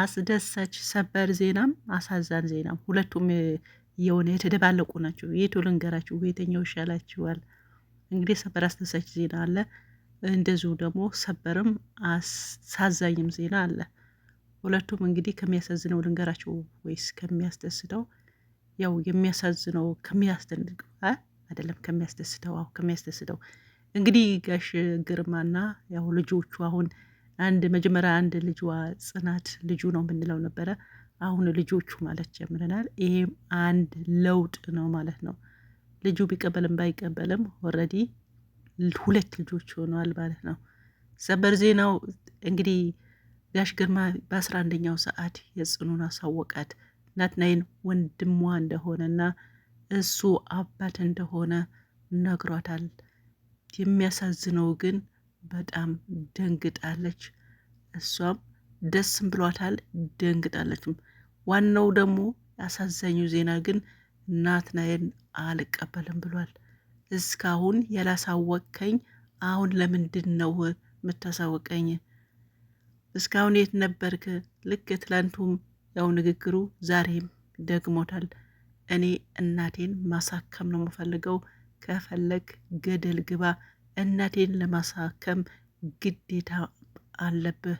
አስደሳች ሰበር ዜናም አሳዛን ዜናም ሁለቱም የሆነ የተደባለቁ ናቸው። የቱ ልንገራችሁ? የትኛው ይሻላችኋል? እንግዲህ ሰበር አስደሳች ዜና አለ፣ እንደዚሁ ደግሞ ሰበርም አሳዛኝም ዜና አለ። ሁለቱም እንግዲህ ከሚያሳዝነው ልንገራችሁ ወይስ ከሚያስደስተው? ያው የሚያሳዝነው ከሚያስደንቅ አይደለም፣ ከሚያስደስተው። አዎ ከሚያስደስተው እንግዲህ ጋሽ ግርማና ያው ልጆቹ አሁን አንድ መጀመሪያ አንድ ልጅዋ ጽናት ልጁ ነው የምንለው ነበረ። አሁን ልጆቹ ማለት ጀምረናል። ይሄም አንድ ለውጥ ነው ማለት ነው። ልጁ ቢቀበልም ባይቀበልም ኦልሬዲ ሁለት ልጆች ሆነዋል ማለት ነው። ሰበር ዜናው እንግዲህ ጋሽ ግርማ በአስራ አንደኛው ሰዓት የጽኑን አሳወቃት ናትናኤል ወንድሟ እንደሆነና እሱ አባት እንደሆነ ነግሯታል። የሚያሳዝነው ግን በጣም ደንግጣለች። እሷም ደስም ብሏታል፣ ደንግጣለችም። ዋናው ደግሞ ያሳዘኙ ዜና ግን ናትናኤል አልቀበልም ብሏል። እስካሁን ያላሳወቀኝ አሁን ለምንድን ነው የምታሳወቀኝ? እስካሁን የት ነበርክ? ልክ የትላንቱም ያው ንግግሩ ዛሬም ደግሞታል። እኔ እናቴን ማሳከም ነው የምፈልገው፣ ከፈለግ ገደል ግባ እናቴን ለማሳከም ግዴታ አለብህ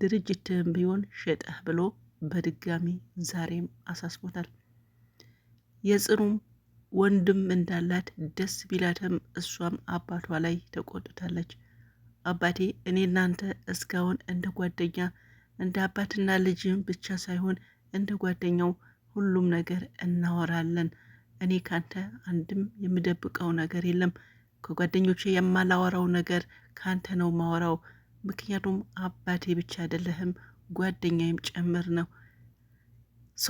ድርጅትህም ቢሆን ሸጠህ ብሎ በድጋሚ ዛሬም አሳስቦታል። የጽኑም ወንድም እንዳላት ደስ ቢላትም እሷም አባቷ ላይ ተቆጥታለች። አባቴ እኔ እናንተ እስካሁን እንደ ጓደኛ እንደ አባትና ልጅም ብቻ ሳይሆን እንደ ጓደኛው ሁሉም ነገር እናወራለን። እኔ ካንተ አንድም የምደብቀው ነገር የለም ከጓደኞች የማላወራው ነገር ካንተ ነው ማወራው። ምክንያቱም አባቴ ብቻ አይደለህም ጓደኛዬም ጭምር ነው። ሶ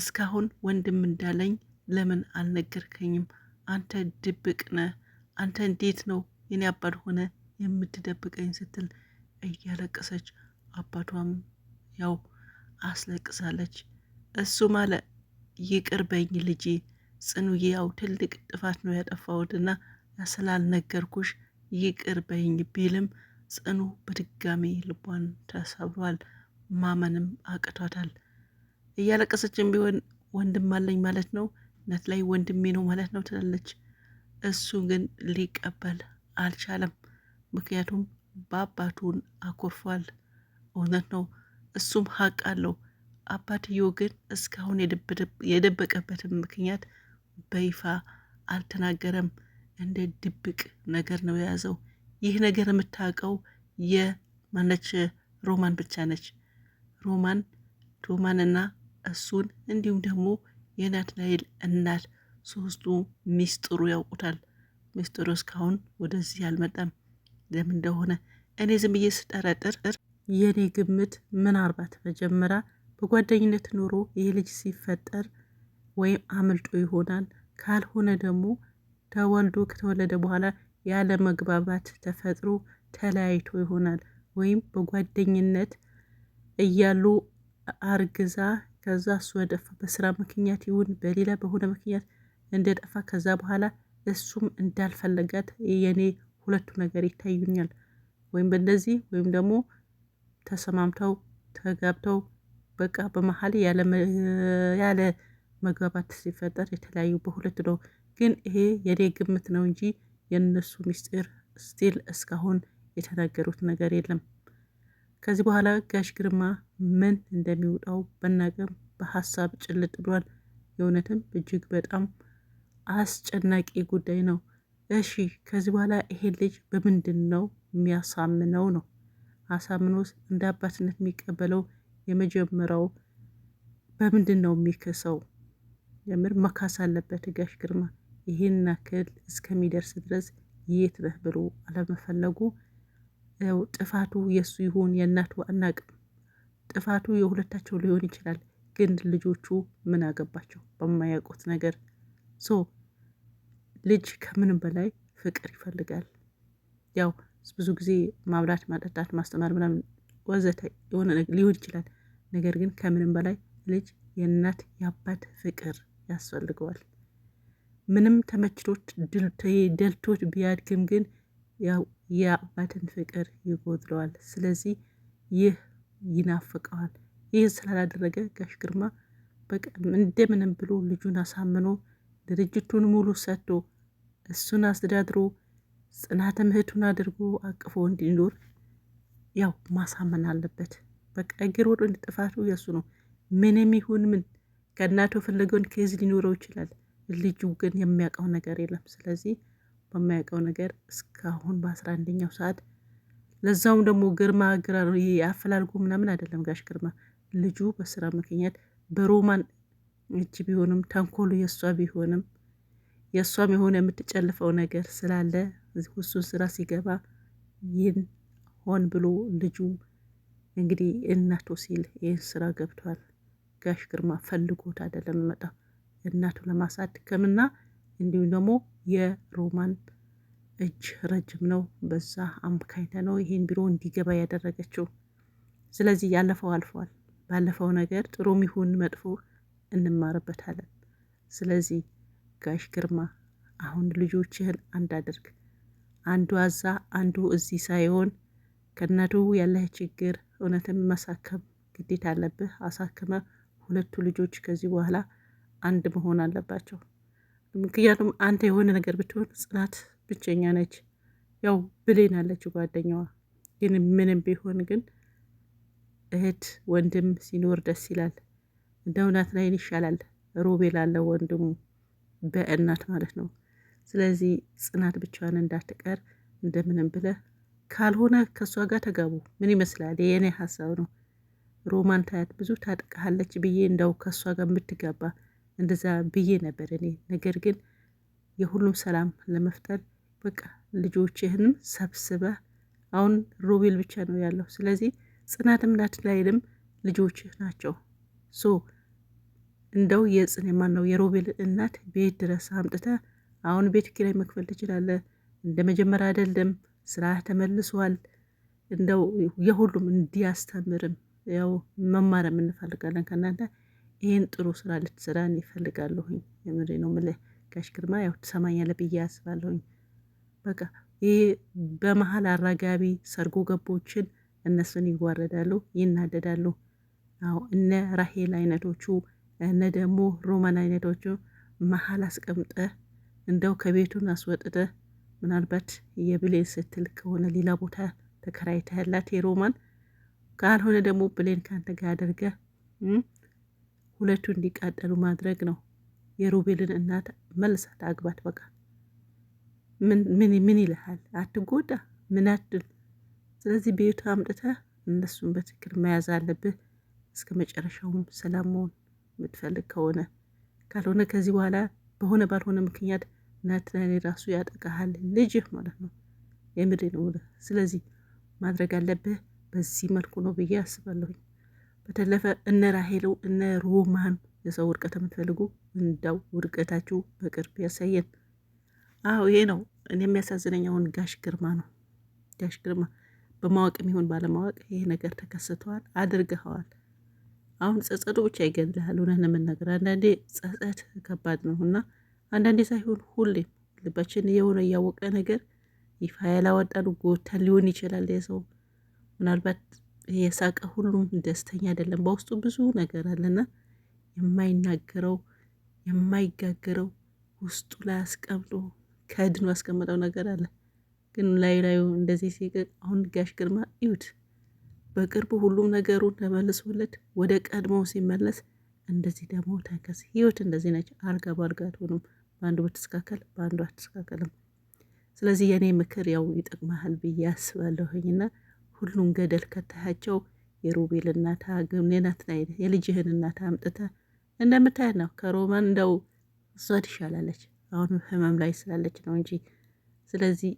እስካሁን ወንድም እንዳለኝ ለምን አልነገርከኝም? አንተ ድብቅ ነህ። አንተ እንዴት ነው የኔ አባት ሆነ የምትደብቀኝ? ስትል እያለቀሰች አባቷም ያው አስለቅሳለች። እሱም አለ ይቅር በኝ ልጄ ጽኑዬ፣ ያው ትልቅ ጥፋት ነው ያጠፋሁትና ስላልነገርኩሽ ይቅር በይኝ ቢልም ጽኑ በድጋሚ ልቧን ተሰብሯል። ማመንም አቅቷታል። እያለቀሰችን ቢሆን ወንድም አለኝ ማለት ነው ነት ላይ ወንድሜ ነው ማለት ነው ትላለች። እሱ ግን ሊቀበል አልቻለም። ምክንያቱም በአባቱን አኮርፏል። እውነት ነው፣ እሱም ሀቅ አለው። አባትየው ግን እስካሁን የደበቀበትን ምክንያት በይፋ አልተናገረም። እንደ ድብቅ ነገር ነው የያዘው። ይህ ነገር የምታውቀው የማነች ሮማን ብቻ ነች። ሮማን ሮማንና እሱን እንዲሁም ደግሞ የናትናኤል እናት ሶስቱ ሚስጥሩ ያውቁታል። ሚስጥሩ እስካሁን ወደዚህ አልመጣም። ለምን እንደሆነ እኔ ዝም ብዬ ስጠረጥር የእኔ ግምት ምናልባት መጀመሪያ በጓደኝነት ኑሮ ይህ ልጅ ሲፈጠር ወይም አምልጦ ይሆናል ካልሆነ ደግሞ ተወልዶ ከተወለደ በኋላ ያለ መግባባት ተፈጥሮ ተለያይቶ ይሆናል ወይም በጓደኝነት እያሉ አርግዛ ከዛ እሱ ወደፋ በስራ ምክንያት ይሁን በሌላ በሆነ ምክንያት እንደጠፋ ከዛ በኋላ እሱም እንዳልፈለጋት የኔ ሁለቱ ነገር ይታዩኛል። ወይም በእንደዚህ ወይም ደግሞ ተሰማምተው ተጋብተው በቃ በመሀል ያለ መግባባት ሲፈጠር የተለያዩ በሁለት ነው። ግን ይሄ የኔ ግምት ነው እንጂ የእነሱ ሚስጢር ስቲል እስካሁን የተናገሩት ነገር የለም። ከዚህ በኋላ ጋሽ ግርማ ምን እንደሚወጣው በናገም በሀሳብ ጭልጥ ብሏል። የእውነትም እጅግ በጣም አስጨናቂ ጉዳይ ነው። እሺ ከዚህ በኋላ ይሄ ልጅ በምንድን ነው የሚያሳምነው? ነው አሳምኖስ እንደ አባትነት የሚቀበለው የመጀመሪያው በምንድን ነው የሚከሰው? የምር መካስ አለበት ጋሽ ግርማ ይህን ያክል እስከሚደርስ ድረስ የት ነህ ብሎ አለመፈለጉ ጥፋቱ የእሱ ይሁን የእናቱ አናቅም። ጥፋቱ የሁለታቸው ሊሆን ይችላል። ግን ልጆቹ ምን አገባቸው በማያውቁት ነገር? ሶ ልጅ ከምንም በላይ ፍቅር ይፈልጋል። ያው ብዙ ጊዜ ማብላት፣ ማጠጣት፣ ማስተማር ምናምን ወዘተ የሆነ ሊሆን ይችላል። ነገር ግን ከምንም በላይ ልጅ የእናት የአባት ፍቅር ያስፈልገዋል። ምንም ተመችቶት ደልቶት ቢያድግም ግን ያው የአባትን ፍቅር ይጎድለዋል። ስለዚህ ይህ ይናፍቀዋል። ይህ ስላላደረገ ጋሽ ግርማ በቃ እንደምንም ብሎ ልጁን አሳምኖ ድርጅቱን ሙሉ ሰጥቶ እሱን አስተዳድሮ ጽናተ ምህቱን አድርጎ አቅፎ እንዲኖር ያው ማሳመን አለበት። በቃ እግር ወዶ ጥፋቱ የእሱ ነው። ምንም ይሁን ምን ከእናቱ የፈለገውን ኬዝ ሊኖረው ይችላል። ልጁ ግን የሚያውቀው ነገር የለም። ስለዚህ በማያውቀው ነገር እስካሁን በአስራ አንደኛው ሰዓት ለዛውም ደግሞ ግርማ ግራ አፈላልጎ ምናምን አይደለም ጋሽ ግርማ ልጁ በስራ ምክንያት በሮማን እጅ ቢሆንም ተንኮሉ የእሷ ቢሆንም የእሷም የሆነ የምትጨልፈው ነገር ስላለ እሱን ስራ ሲገባ ይህን ሆን ብሎ ልጁ እንግዲህ እናቶ ሲል ይህን ስራ ገብቷል። ጋሽ ግርማ ፈልጎት አይደለም የመጣው እናቱ ለማሳድገምና እንዲሁም ደግሞ የሮማን እጅ ረጅም ነው። በዛ አምካኝተ ነው ይሄን ቢሮ እንዲገባ ያደረገችው። ስለዚህ ያለፈው አልፏል። ባለፈው ነገር ጥሩም ይሁን መጥፎ እንማርበታለን። ስለዚህ ጋሽ ግርማ አሁን ልጆችህን አንድ አድርግ። አንዱ አዛ አንዱ እዚህ ሳይሆን ከእናቱ ያለህ ችግር እውነትም መሳከም ግዴታ አለብህ። አሳክመ ሁለቱ ልጆች ከዚህ በኋላ አንድ መሆን አለባቸው። ምክንያቱም አንተ የሆነ ነገር ብትሆን ጽናት ብቸኛ ነች። ያው ብሌን አለችው ጓደኛዋ። ግን ምንም ቢሆን ግን እህት ወንድም ሲኖር ደስ ይላል። እንደው ላይን ይሻላል። ሮቤል አለ ወንድሙ በእናት ማለት ነው። ስለዚህ ጽናት ብቻዋን እንዳትቀር እንደምንም ብለ ካልሆነ ከእሷ ጋር ተጋቡ። ምን ይመስላል? የእኔ ሀሳብ ነው። ሮማን ታያት ብዙ ታጠቃሃለች ብዬ እንዳው ከእሷ ጋር የምትጋባ እንደዛ ብዬ ነበር እኔ። ነገር ግን የሁሉም ሰላም ለመፍጠር በቃ ልጆችህንም ሰብስበ አሁን ሮቤል ብቻ ነው ያለው። ስለዚህ ጽናትም ላይልም ልጆችህ ናቸው። ሶ እንደው የጽንማ ነው የሮቤል እናት ቤት ድረስ አምጥተ አሁን ቤት ኪራይ መክፈል ትችላለህ። እንደ መጀመሪያ አይደለም፣ ስራ ተመልሷል። እንደው የሁሉም እንዲያስተምርም ያው መማርም የምንፈልጋለን ከእናንተ ይህን ጥሩ ስራ ልትሰራን ይፈልጋለሁኝ። የምሬ ነው ምልህ ጋሽ ግርማ ያው ትሰማኛለህ ብዬ አስባለሁኝ። በቃ ይህ በመሀል አራጋቢ ሰርጎ ገቦችን እነሱን ይዋረዳሉ፣ ይናደዳሉ። አዎ እነ ራሄል አይነቶቹ እነ ደግሞ ሮማን አይነቶቹ መሀል አስቀምጠህ እንደው ከቤቱን አስወጥተህ ምናልባት የብሌን ስትል ከሆነ ሌላ ቦታ ተከራይተህላት የሮማን ካልሆነ ደግሞ ብሌን ካንተ ጋር አድርገ ሁለቱ እንዲቃጠሉ ማድረግ ነው። የሩቤልን እናት መልሳት አግባት። በቃ ምን ይልሃል? አትጎዳ ምን አትል። ስለዚህ ቤቱ አምጥተ እነሱን በትክክል መያዝ አለብህ። እስከ መጨረሻውም ሰላም መሆን የምትፈልግ ከሆነ ካልሆነ ከዚህ በኋላ በሆነ ባልሆነ ምክንያት ናትናኤል ራሱ ያጠቃሃል፣ ልጅህ ማለት ነው። የምድን ስለዚህ ማድረግ አለብህ። በዚህ መልኩ ነው ብዬ አስባለሁኝ። በተለፈ እነ ራሄሉ እነ ሮማን የሰው ውድቀት የምትፈልጉ እንዳው ውድቀታችሁ በቅርብ ያሳየን። አዎ ይሄ ነው እኔ የሚያሳዝነኝ። አሁን ጋሽ ግርማ ነው ጋሽ ግርማ በማወቅ የሚሆን ባለማወቅ ይሄ ነገር ተከስተዋል፣ አድርገኸዋል። አሁን ጸጸቱ ብቻ ይገድልሃል። እውነት ነው የምናገር አንዳንዴ ጸጸት ከባድ ነው እና አንዳንዴ ሳይሆን ሁሌም ልባችን የሆነ እያወቀ ነገር ይፋ ያላወጣን ጎተን ሊሆን ይችላል የሰው ምናልባት የሳቀ ሁሉም ደስተኛ አይደለም። በውስጡ ብዙ ነገር አለና የማይናገረው የማይጋገረው ውስጡ ላይ አስቀምጦ ከድኖ አስቀምጠው ነገር አለ። ግን ላዩ ላዩ እንደዚህ ሲቅር አሁን ጋሽ ግርማ ይዩት፣ በቅርቡ ሁሉም ነገሩን ተመልሶለት ወደ ቀድሞ ሲመለስ እንደዚህ ደግሞ ተንከስ። ህይወት እንደዚህ ነች። አልጋ በአልጋ አትሆንም። በአንዱ ብትስካከል በአንዱ አትስካከልም። ስለዚህ የእኔ ምክር ያው ይጠቅመሃል ብዬ አስባለሁኝና ሁሉን ገደል ከተሃቸው የሮቤል እናት ግምኔናት ናይ የልጅህን እናት አምጥተ እንደምታይ ነው። ከሮማን እንደው እሷ ትሻላለች፣ አሁን ህመም ላይ ስላለች ነው እንጂ ስለዚህ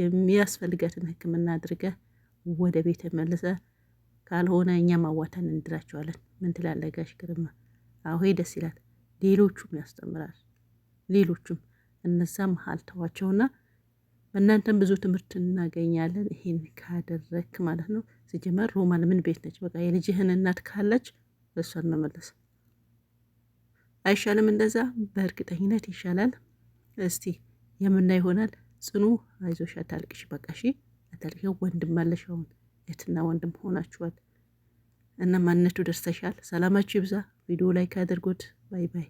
የሚያስፈልጋትን ሕክምና አድርገ ወደ ቤት መልሰ ካልሆነ እኛ ማዋተን እንድራቸዋለን። ምን ትላለህ ጋሽ ግርማ? አሁ ደስ ይላል። ሌሎቹም ያስተምራል። ሌሎቹም እነዛ መሀል ተዋቸውና በእናንተም ብዙ ትምህርት እናገኛለን። ይሄን ካደረክ ማለት ነው። ሲጀመር ሮማን ምን ቤት ነች? በቃ የልጅህን እናት ካለች እሷን መመለስ አይሻልም? እንደዛ በእርግጠኝነት ይሻላል። እስቲ የምና ይሆናል። ጽኑ አይዞሽ፣ አታልቅሽ። በቃ ሺ አታልቅሽ። ወንድም አለሽ። አሁን ወንድም ሆናችኋል እና ማንነቱ ደርሰሻል። ሰላማችሁ ይብዛ። ቪዲዮ ላይ ካደርጎት ባይ ባይ